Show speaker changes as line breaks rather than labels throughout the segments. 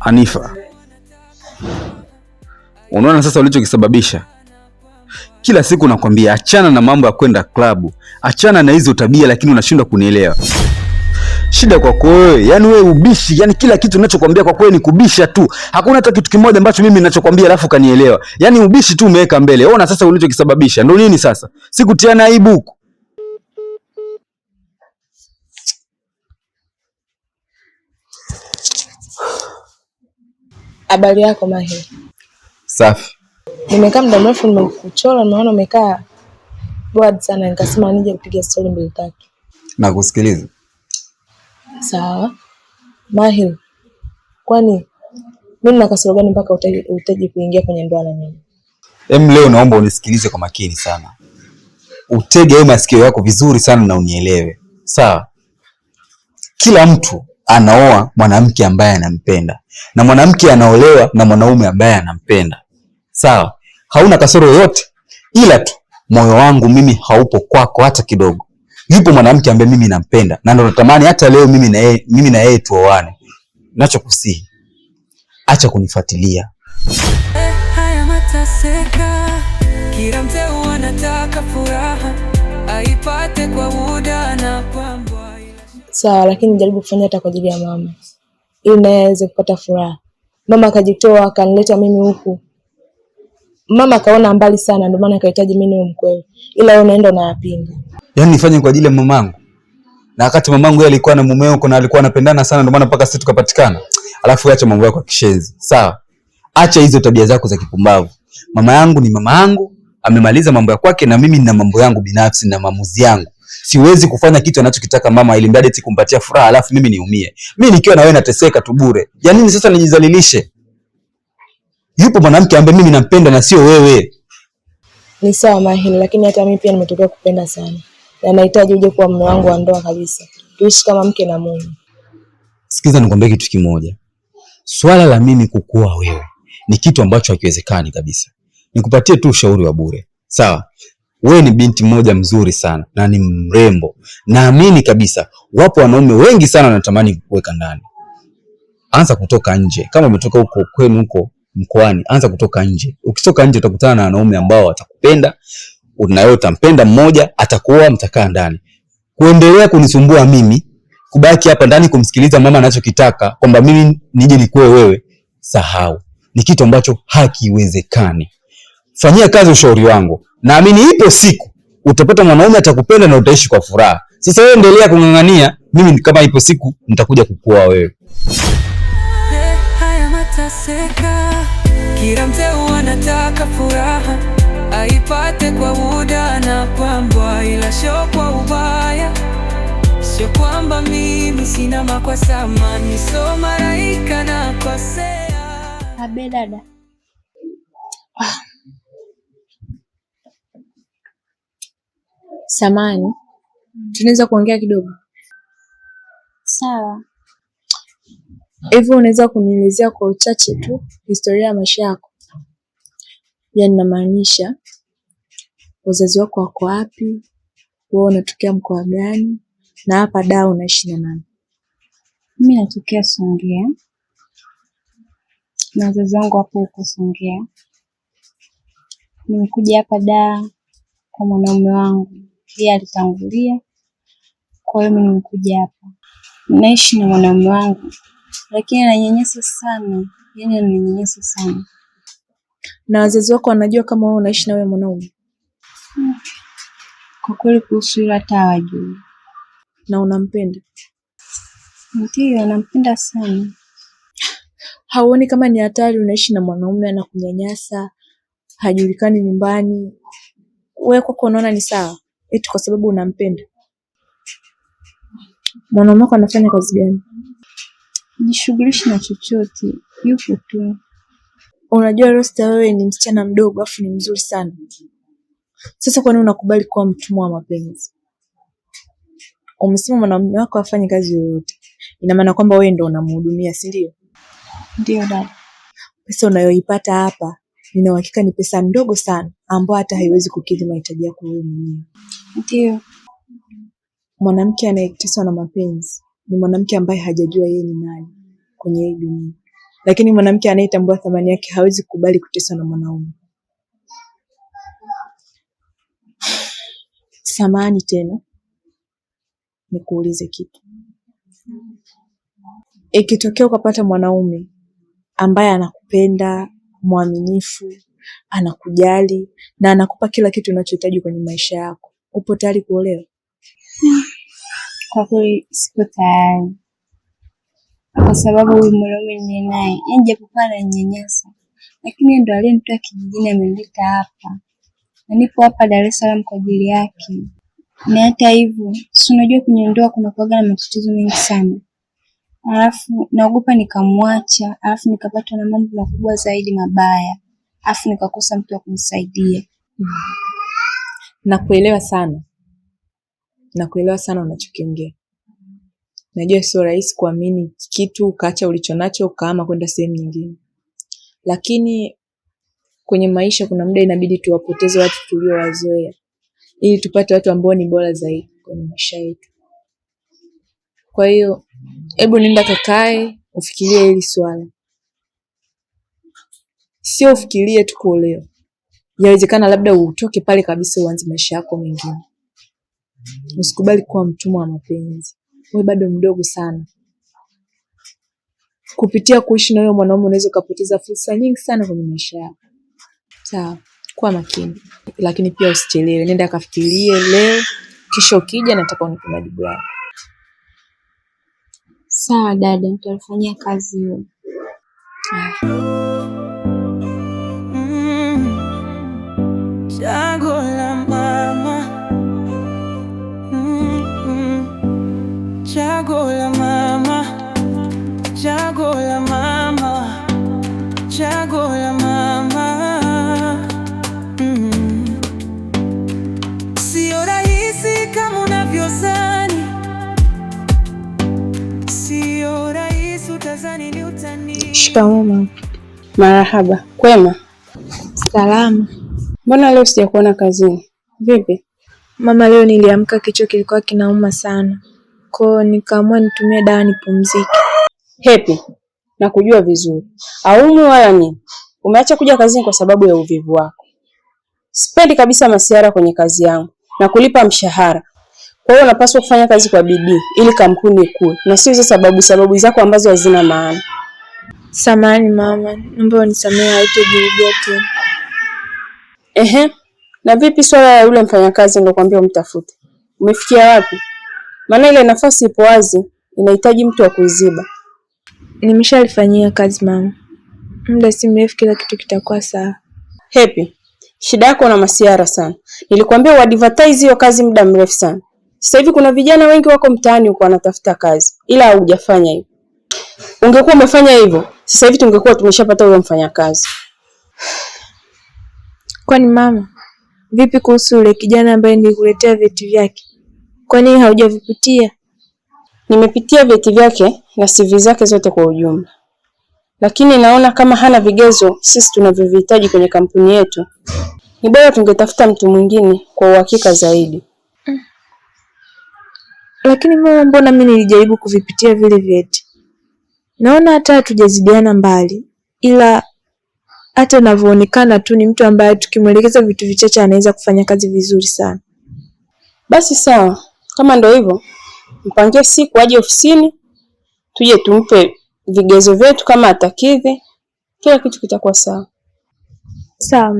anifa unaona sasa ulichokisababisha? Kila siku nakwambia achana na mambo ya kwenda klabu, achana na hizo tabia, lakini unashindwa kunielewa. Shida kwako wewe, yani wewe ubishi, yani kila kitu ninachokwambia kwa kweli ni kubisha tu. Hakuna hata kitu kimoja ambacho mimi ninachokwambia alafu kanielewa. Yani ubishi tu umeweka mbele. Ona sasa ulichokisababisha. Ndio nini sasa? Sikutiana aibu huko.
Habari yako Mahi? Safi. Nimekaa muda mrefu nimekuchora, naona umekaa bored sana, nikasema nije kupiga stori mbili tatu.
Nakusikiliza.
Sawa Mahi, kwani mi nina kasoro gani mpaka utaji kuingia kwenye ndoa na mimi?
Em, leo naomba unisikilize kwa makini sana, utege hayo masikio yako vizuri sana na unielewe, sawa? Kila mtu anaoa mwanamke ambaye anampenda na mwanamke anaolewa na mwanaume ambaye anampenda. Sawa, hauna kasoro yoyote, ila tu moyo wangu mimi haupo kwako hata kidogo. Yupo mwanamke ambaye mimi nampenda na ndo natamani hata leo mimi na yeye mimi na yeye tuoane. Nachokusihi, acha kunifuatilia. Eh, kila anataka
furaha aipate kwa muda na sawa, lakini jaribu kufanya hata kwa ajili ya mama, ili naye aweze kupata furaha. Mama akajitoa akanileta mimi huku, mama akaona mbali sana, ndio maana akahitaji mimi niwe mkweli, ila wewe unaenda unayapinga.
Yani nifanye kwa ajili ya mamangu, na wakati mamangu yeye alikuwa na mumeo kuna alikuwa anapendana sana, ndio maana mpaka sisi tukapatikana. Alafu acha mambo yako ya kishenzi, sawa? Acha hizo tabia zako za kipumbavu. Mama yangu ni mama yangu, amemaliza mambo ya kwake, na mimi nina mambo yangu binafsi na maamuzi yangu siwezi kufanya kitu anachokitaka mama ili mradi eti kumpatia furaha, alafu mimi niumie, mimi nikiwa na wewe nateseka tu bure. Ya nini sasa nijizalilishe? Yupo mwanamke ambaye mimi nampenda na sio wewe.
Ni sawa Mahili, lakini hata mimi pia nimetokea kupenda sana na nahitaji uje kuwa mume wangu wa ndoa kabisa, tuishi kama mke na mume.
Sikiza nikwambie kitu kimoja, swala la mimi kukuoa wewe ni kitu ambacho hakiwezekani kabisa. Nikupatie tu ushauri wa bure, sawa? wewe ni binti mmoja mzuri sana na ni mrembo, naamini kabisa wapo wanaume wengi sana wanatamani kuweka ndani. Anza kutoka nje, kama umetoka huko kwenu huko mkoani, anza kutoka nje. Ukitoka nje utakutana na wanaume ambao watakupenda, nawe utampenda mmoja, atakuoa, mtakaa ndani. Kuendelea kunisumbua mimi, kubaki hapa ndani kumsikiliza mama anachokitaka kwamba mimi nije nikuwe wewe, sahau, ni kitu ambacho hakiwezekani fanyia kazi ushauri wangu, naamini ipo siku utapata mwanaume atakupenda na utaishi kwa furaha. Sasa wewe endelea kung'ang'ania, mimi kama ipo siku nitakuja kukuoa wewe. Hey, haya mataseka, kila mzee anataka furaha aipate kwa uda na kwamba, ila sio kwa ubaya, sio
kwamba mimi sina makosa, mimi sio malaika na Abe dada ah, Samani, mm. tunaweza kuongea kidogo? Sawa. Hivyo unaweza kunielezea kwa uchache tu historia ya maisha yako? Yaani namaanisha wazazi wako wako wapi, wewe unatokea mkoa gani, na hapa da unaishi na nani?
Mimi natokea Songea na wazazi wangu hapo huko Songea. Nimekuja hapa da kwa mwanaume wangu yeye alitangulia, kwa hiyo mimi nikuja hapa. Naishi na mwanaume wangu, lakini ananyanyasa sana, yani ananyanyasa sana.
Na wazazi wako wanajua kama wewe unaishi na wewe mwanaume? Hmm.
Kwa kweli kuhusu hilo hata hawajui.
Na unampenda?
ndio anampenda sana.
Hauoni kama ni hatari? Unaishi na mwanaume anakunyanyasa, hajulikani nyumbani, wewe kwako unaona ni sawa? eti kwa sababu unampenda? Mwanaume wako anafanya kazi gani?
Jishughulishi na chochote, yupo tu.
Unajua Rosta, wewe ni msichana mdogo afu ni mzuri sana. Sasa kwa nini unakubali kuwa mtumwa wa mapenzi? Umesema mwanamume wako afanye kazi yoyote, ina maana kwamba wewe ndio unamhudumia, si ndio? Ndio dada. Pesa unayoipata hapa nina uhakika ni pesa ndogo sana, ambayo hata haiwezi kukidhi mahitaji yako wewe mwenyewe. Ndio. Mwanamke anayeteswa na mapenzi ni mwanamke ambaye hajajua yeye ni nani kwenye hii dunia, lakini mwanamke anayetambua thamani yake hawezi kukubali kuteswa na mwanaume. Samahani tena, nikuulize kitu. Ikitokea ukapata mwanaume ambaye anakupenda, mwaminifu, anakujali na anakupa kila kitu unachohitaji kwenye maisha yako upo tayari kuolewa?
Kwa kweli sipo tayari, kwa sababu huyu mwanaume niliye naye, yaani japokuwa ananyanyasa, lakini ndo aliyenitoa kijijini, amenileta hapa na nipo hapa Dar es Salaam kwa ajili yake. Na hata hivyo, si unajua kwenye ndoa kuna kuaga na matatizo mengi sana, alafu naogopa nikamwacha, alafu nikapatwa na mambo makubwa zaidi mabaya, alafu nikakosa mtu wa kunisaidia.
Nakuelewa sana, nakuelewa sana unachokiongea. Najua sio rahisi kuamini kitu ukaacha ulicho nacho ukaama kwenda sehemu nyingine, lakini kwenye maisha kuna muda inabidi tuwapoteze watu tuliowazoea ili tupate watu ambao ni bora zaidi kwenye maisha yetu. Kwa hiyo hebu nenda kakae, ufikirie hili swala, sio ufikirie tu kuolewa yawezekana labda utoke pale kabisa uanze maisha yako mengine. Usikubali kuwa mtumwa wa mapenzi. Wewe bado mdogo sana. Kupitia kuishi na huyo mwanaume unaweza ukapoteza fursa nyingi sana kwenye maisha yako. Sawa, kuwa makini, lakini pia usichelewe. Nenda kafikirie leo, kisha ukija, nataka unipe majibu yako.
Sawa dada, nitafanyia kazi hiyo. Chaguo la mama mm-hmm. la mama, la mama,
la mama mm-hmm. Sio rahisi kama unavyozani, sio rahisi, utazani ni utani. Shikamoo mama.
Marahaba. Kwema?
Salama.
Mbona leo sijakuona kazini? Vipi?
Mama, leo niliamka kichwa kilikuwa kinauma sana, kwao nikaamua nitumie dawa nipumzike.
Hepi, nakujua vizuri, aumu wala nini. Umeacha kuja kazini kwa sababu ya uvivu wako. Sipendi kabisa masiara kwenye kazi yangu na kulipa mshahara. Kwa hiyo unapaswa kufanya kazi kwa bidii ili kampuni ikue, na sio hizo sababu sababu zako ambazo hazina maana.
Samani mama, naomba unisamehe, haitajirudia tena.
Ehe, na vipi swala ya yule mfanyakazi nilokuambia umtafute, umefikia wapi? Maana ile nafasi ipo wazi, inahitaji mtu wa kuiziba.
Nimeshalifanyia kazi mama, muda si mrefu kila kitu kitakuwa sawa.
Hepi, shida yako na masiara sana. Nilikwambia uadvertise hiyo kazi muda mrefu sana. Sasa hivi kuna vijana wengi wako mtaani huko wanatafuta kazi, ila haujafanya hivyo. Ungekuwa umefanya hivyo, sasa hivi tungekuwa tumeshapata huyo mfanyakazi.
Kwani mama, vipi kuhusu yule kijana ambaye nilikuletea vyeti vyake? Kwani haujavipitia?
Nimepitia vyeti vyake na CV zake zote kwa ujumla, lakini naona kama hana vigezo sisi tunavyovihitaji kwenye kampuni yetu. Ni bora tungetafuta mtu mwingine kwa uhakika zaidi. Mm.
Lakini mama, mbona mimi nilijaribu kuvipitia vile vyeti, naona hata hatujazidiana mbali, ila hata anavyoonekana tu ni mtu ambaye tukimwelekeza vitu vichache anaweza kufanya kazi vizuri sana.
Basi sawa, kama ndio hivyo, mpangie siku aje ofisini, tuje tumpe vigezo vyetu, kama atakidhi kila kitu kitakuwa sawa.
Sawa.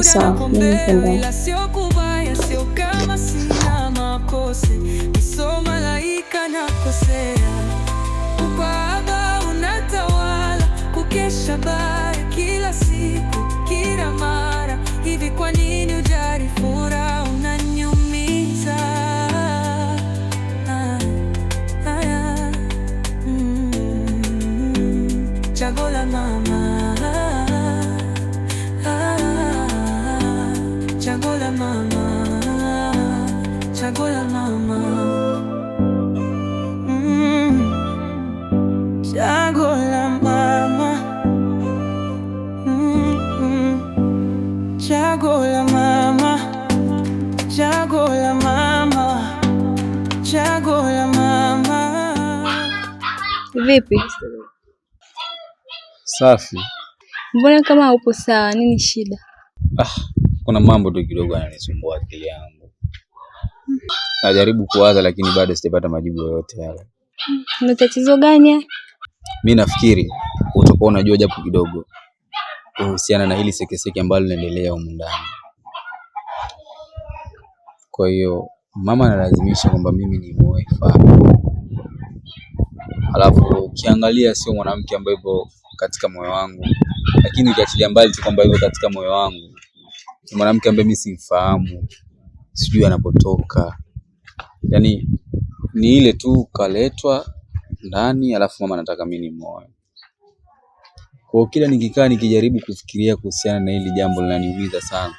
Sawa. Chaguo la mama, chaguo la mama, mm, chaguo la mama, mm, chaguo la mama, chaguo la mama, chaguo la mama. Vipi? Safi. Mbona kama upo sawa, nini shida?
Ah kuna mambo tu kidogo yananisumbua akili yangu, najaribu kuwaza, lakini bado sijapata majibu yoyote yale.
Ni tatizo gani?
Mi nafikiri utakuwa unajua japo kidogo kuhusiana na hili sekeseke ambalo linaendelea humu ndani. Kwa hiyo mama analazimisha kwamba mimi ni mwefa, alafu ukiangalia sio mwanamke ambaye yupo katika moyo wangu, lakini ukiachilia mbali tu kwamba yupo katika moyo wangu mwanamke ambaye mimi simfahamu, sijui anapotoka. yani ni ile tu kaletwa ndani, alafu mama anataka mimi nimuoe. Kwa kila nikikaa nikijaribu kufikiria kuhusiana na hili jambo linaniumiza sana,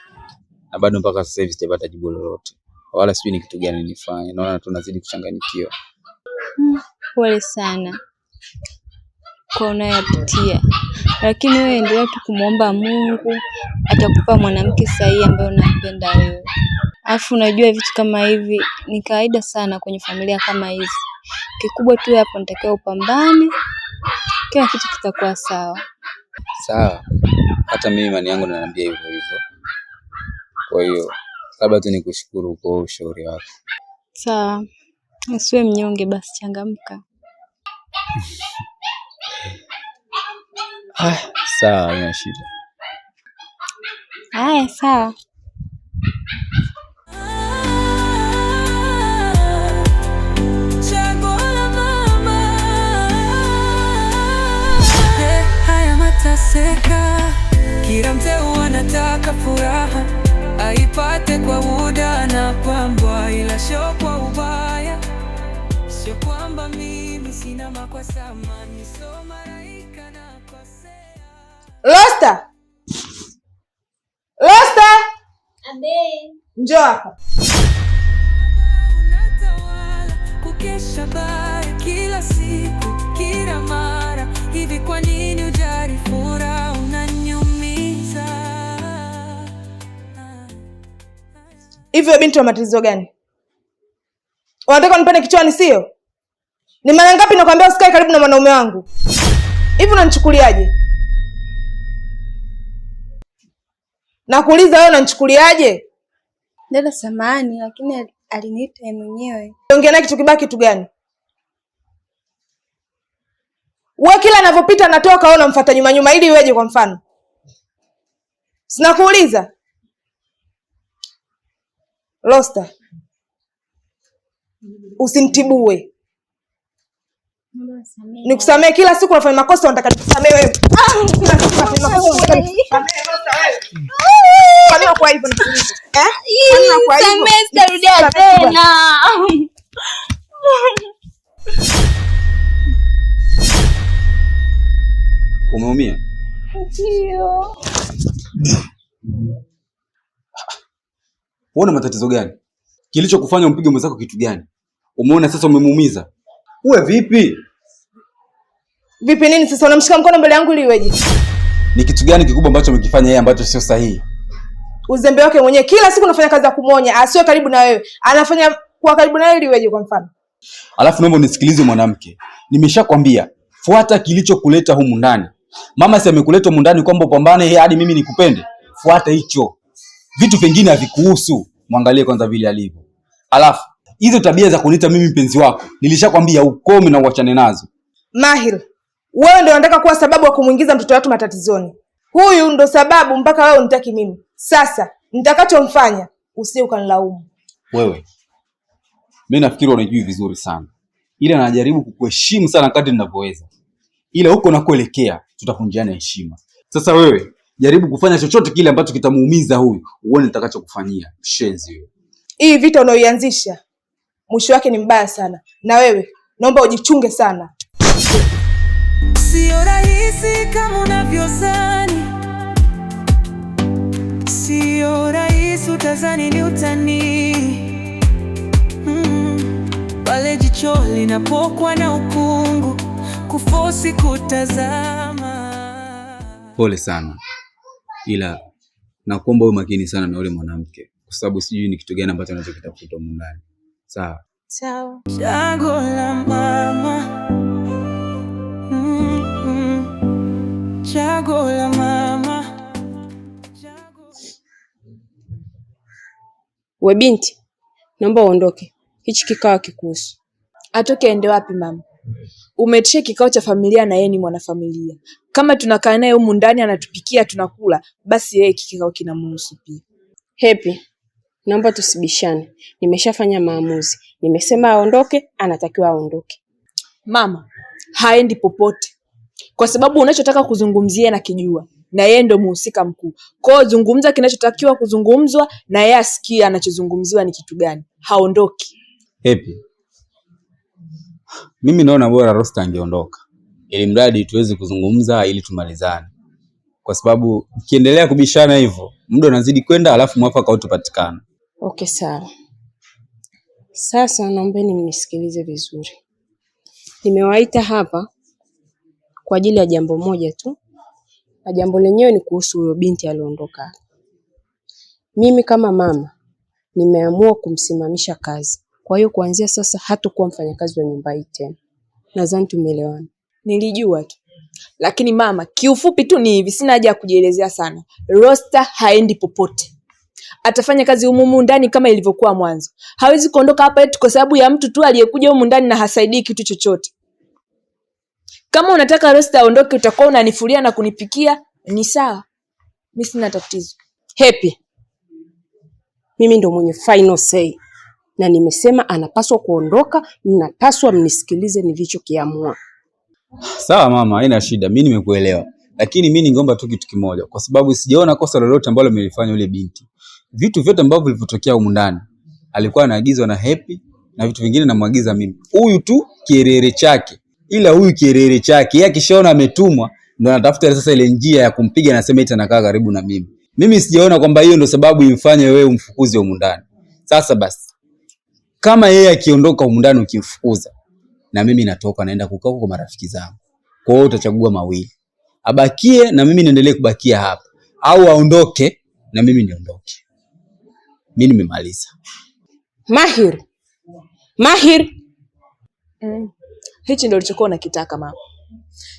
na bado mpaka sasa hivi sijapata jibu lolote, wala sijui ni kitu gani nifanye. Naona tunazidi kuchanganyikiwa.
Hmm, pole sana kwa unayoyapitia Lakini wewe endelea tu kumwomba mungu atakupa mwanamke sahihi ambaye unampenda wewe Alafu unajua vitu kama hivi ni kawaida sana kwenye familia kama hizi kikubwa tu hapo unatakiwa upambane kila kitu kitakuwa sawa
sawa hata mimi imani yangu naniambia hivyo hivyo kwa hiyo labda tu nikushukuru kwa ushauri wako
sawa usiwe mnyonge basi changamka
Haya, sawa, haina shida.
Haya, sawa. Haya mataseka, kila mteu
anataka furaha aipate kwa muda na pambwa, ila sio kwa ubaya, sio kwamba mimi sina makosa, mani soma Rosta, Rosta, njoo hapa. Unatawala kukesha kila siku kila mara hivi, kwa nini ujari unanyumiza hivyo? Binti wa matatizo gani? Unataka nipande kichwani, sio? Ni mara ngapi nakwambia usikae karibu na mwanaume wangu? Hivi unanichukuliaje? Nakuuliza wewe unanichukuliaje?
Dada samani, lakini aliniita yeye mwenyewe.
Ongea naye kitu kibaki kitu gani? Wewe kila anavyopita anatoka wewe unamfuata nyuma nyuma ili iweje kwa mfano? Sinakuuliza. Losta. Usimtibue. Nikusamee kila siku unafanya makosa, unataka nikusamee wewe. Ah, eh?
Umeumia? Ndio. matatizo gani? Kilichokufanya umpige mwenzako kitu gani? Umeona sasa umemuumiza uwe vipi
vipi? Nini sasa unamshika mkono mbele yangu ili iweje?
Ni kitu gani kikubwa ambacho umekifanya yeye ambacho sio sahihi?
Uzembe wake mwenyewe, kila siku unafanya kazi ya kumwonya asiwe karibu na wewe, anafanya kuwa karibu na wewe ili iweje? Kwa mfano,
alafu naomba unisikilize mwanamke, nimeshakwambia fuata kilichokuleta humu ndani. Mama si amekuleta humu ndani kwamba upambane yeye eh, hadi mimi nikupende? Fuata hicho, vitu vingine havikuhusu. Mwangalie kwanza vile alivyo, alafu hizo tabia za kuniita mimi mpenzi wako nilishakwambia ukome na uachane nazo.
Mahir, wewe ndio unataka kuwa sababu ya kumuingiza mtoto wetu matatizoni. Huyu ndo sababu mpaka wewe unitaki mimi. Sasa nitakachomfanya usije ukanilaumu
wewe. Mimi nafikiri unajui vizuri sana, ila najaribu kukuheshimu sana kadri ninavyoweza, ila huko nakuelekea tutavunjiana heshima. Sasa wewe jaribu kufanya chochote kile ambacho kitamuumiza huyu, uone nitakachokufanyia mshenzi wewe.
Hii vita unaoianzisha mwisho wake ni mbaya sana, na wewe naomba ujichunge sana. Sio rahisi kama unavyozani, sio rahisi, utazani ni utani
mm-hmm. pale mm, jicho linapokwa na ukungu kufosi kutazama. Pole sana, ila nakuomba uwe makini sana na yule mwanamke, kwa sababu sijui ni kitu gani ambacho anachokitafuta mundani. Sawa. Sawa. Chaguo la mama. Mm
Chaguo la mama. Chaguo... We binti, naomba uondoke. Hichi kikao kikuhusu. Atoke aende wapi mama? umetisha kikao cha familia na yeye ni mwanafamilia. Kama tunakaa naye humu ndani anatupikia tunakula, basi yeye kikao kinamhusu pia. Happy naomba tusibishane, nimeshafanya maamuzi, nimesema aondoke, anatakiwa aondoke. Mama haendi popote, kwa sababu unachotaka kuzungumzia na kijua na yeye ndo mhusika mkuu. Kwa hiyo zungumza kinachotakiwa kuzungumzwa, na yeye asikie anachozungumziwa ni kitu gani. Haondoki
Happy. Mimi naona bora Rosta angeondoka, ili mradi tuweze kuzungumza ili tumalizane, kwa sababu ukiendelea kubishana hivyo muda unazidi kwenda, alafu mwafaka hautopatikana.
Okay, sawa. Sasa naombeni mnisikilize vizuri. Nimewaita hapa kwa ajili ya jambo moja tu, na jambo lenyewe ni kuhusu huyo binti aliondoka. Mimi kama mama nimeamua kumsimamisha kazi, kwa hiyo kuanzia sasa hatakuwa mfanyakazi wa nyumba hii tena. Nadhani tumeelewana. Nilijua tu,
lakini mama, kiufupi tu ni hivi, sina haja ya kujielezea sana. Rosta haendi popote atafanya kazi humu ndani kama ilivyokuwa mwanzo. Hawezi kuondoka hapa eti kwa sababu ya mtu tu aliyekuja humu ndani na hasaidii kitu chochote. Kama unataka Rosta aondoke, utakuwa unanifulia na kunipikia, ni sawa, mi sina tatizo. Happy, mimi ndo mwenye final say na nimesema anapaswa kuondoka. Mnapaswa mnisikilize nilichokiamua.
Sawa mama, haina shida, mi nimekuelewa, lakini mi ningeomba tu kitu kimoja, kwa sababu sijaona kosa lolote ambalo amelifanya yule binti vitu vyote ambavyo vilivyotokea humu ndani alikuwa anaagizwa na Happy na vitu vingine namwagiza mimi, huyu tu kierere chake. Ila huyu kierere chake yeye akishaona ametumwa, ndo anatafuta sasa ile njia ya kumpiga na sema ita nakaa karibu na mimi. Mimi sijaona kwamba hiyo ndo sababu imfanye wewe umfukuze humu ndani. Sasa basi, kama yeye akiondoka humu ndani ukimfukuza, na mimi natoka naenda kukaa huko kwa marafiki zangu. Kwa hiyo utachagua mawili, abakie na mimi niendelee kubakia hapa, au aondoke na mimi niondoke mimi nimemaliza.
Mahir, Mahir, mm. Hichi ndio ulichokuwa unakitaka mama.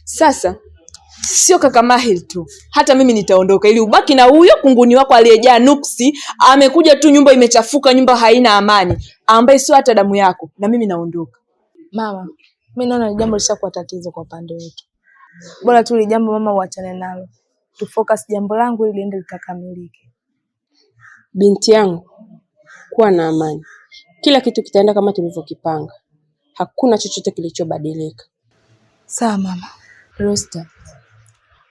Sasa sio kaka Mahir tu, hata mimi nitaondoka ili ubaki na huyo kunguni wako aliyejaa nuksi. Amekuja tu, nyumba imechafuka, nyumba haina amani, ambaye sio hata damu yako, na mimi naondoka.
Mama, mimi naona jambo lishakuwa tatizo kwa upande wetu, bora tu ile jambo mama uachane nalo, tufocus jambo langu ili liende likakamilike.
Binti yangu, kuwa na amani, kila kitu kitaenda kama tulivyokipanga. Hakuna chochote kilichobadilika.
Sawa mama. Rosta,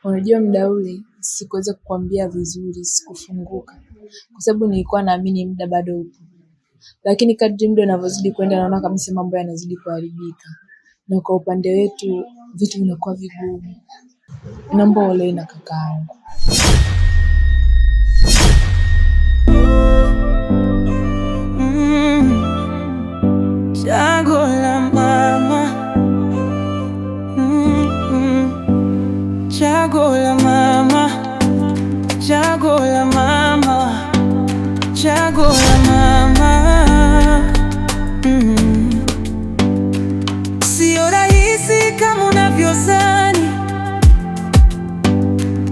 unajua muda ule sikuweza kukwambia vizuri, sikufunguka kwa sababu nilikuwa naamini muda bado upo, lakini kadri muda unavyozidi kwenda, naona kabisa mambo yanazidi kuharibika, na kwa upande wetu vitu vinakuwa vigumu. Naomba uelewe na kakaangu. mm, chaguo mama mm, mm-hmm. mama chaguo mama chaguo la mama mm.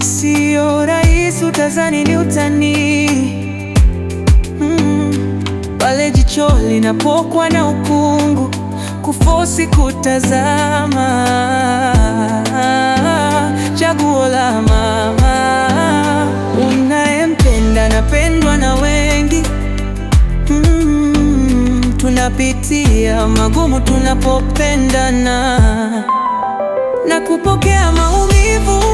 Sio rahisi utazani ni utani Jicho linapokwa na ukungu, kufosi kutazama. Chaguo la mama, unayempenda napendwa na wengi. Mm, tunapitia magumu tunapopendana na kupokea maumivu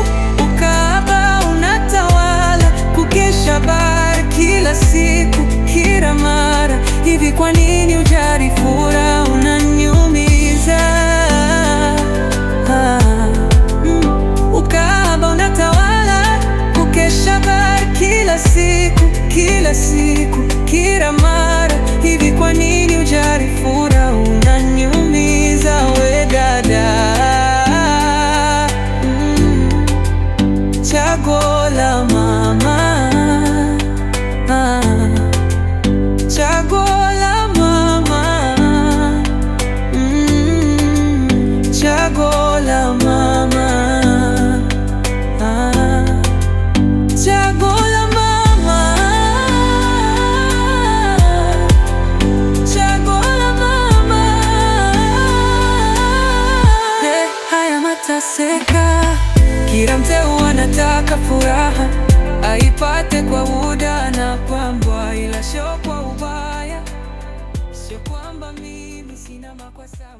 kutaka furaha aipate kwa muda na kwamba, ila sio kwa ubaya, sio kwamba mimi sina makosa.